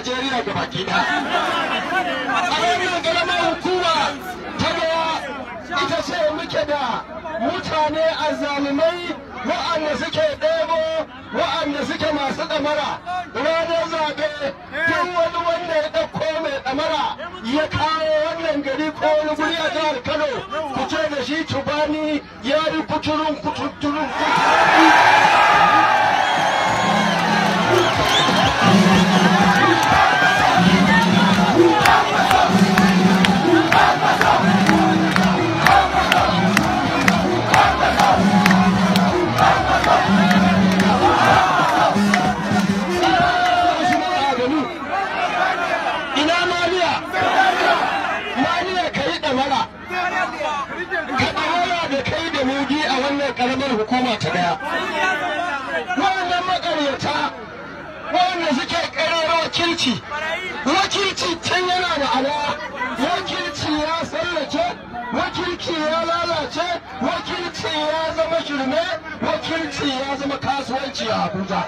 Najeriya ga baki da. A wannan garamar hukuma ta gaya ita ce muke da mutane azalumai wa'anda suke ɗebo wa'anda suke masu ɗamara ranar zaɓe duk wani wanda ya ɗauko mai ɗamara ya kawo wannan gari ko wani guri a jihar Kano ku ce da shi tubani ya yi kuturun kuturun kuturun Kamara da kai da mugi a wannan karamar hukuma ta daya. Wannan makaryata wanda suke karar wakilci, wakilci tun yana da ala, wakilci ya sallace, wakilci ya lalace, wakilci ya zama shirme, wakilci ya zama kasuwanci a Abuja.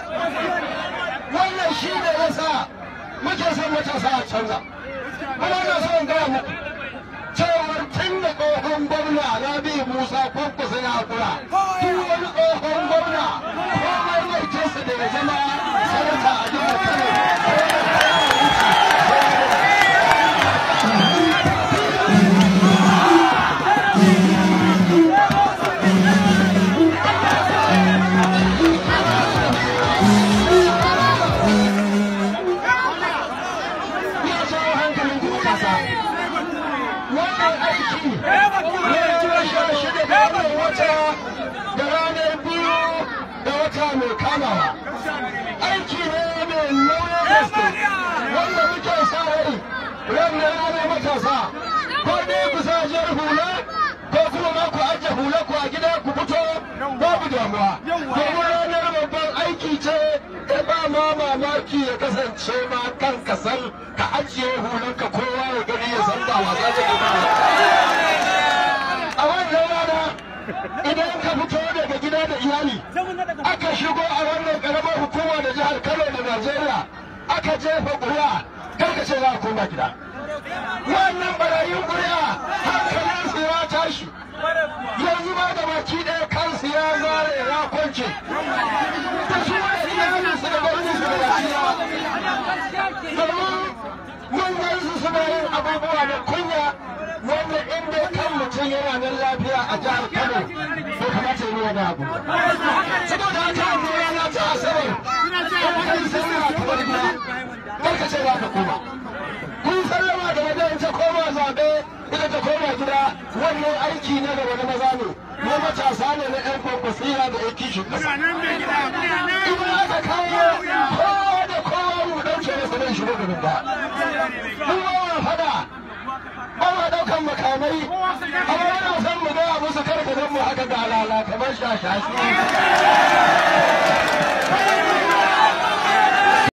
Wannan shi ne yasa muke son matasa a canza. Kuma na son gaya muku. کو ہم پور آزادی موسا پور پہ نہ پڑا mai jiran da shida da wata da ranar biyu da wata mai kamawa aiki ne mai nauyin gaske wanda muke sa rai ran na matasa ko dai ku sa jar hula ko kuma ma ku ajiye hula ku a gida ku fito babu damuwa aiki ce da ba ma mamaki ya kasance ma kan kasar ka ajiye ka kowa ya gani ya san ba wasa ce a wannan rana idan ka fito daga gida da iyali aka shigo a wannan karamar hukuma da jihar kano da najeriya aka jefa ƙuri'a kar ka ce za a koma gida wannan barayin ƙuri'a muna yin abubuwa da kunya wanda in dai kan mutum yana nan lafiya a jihar Kano bai kamata yi wani abu. Saboda haka abu rana ta asabar in kan na kamar gida kar ka ce za ka koma. Kun sallama da wajen ta koma zaɓe ita ta koma gida wannan aiki ne da wani maza ne. Na matasa ne na 'yan kwakwasira da ƴan kishin ƙasa. Ina aka kawo kowa da kowa mu ɗauke da sanin shi da gaba. mu fada ba ma daukan makamai amma yana son mu gaya musu karka don mu haka ga lalata ban shashashi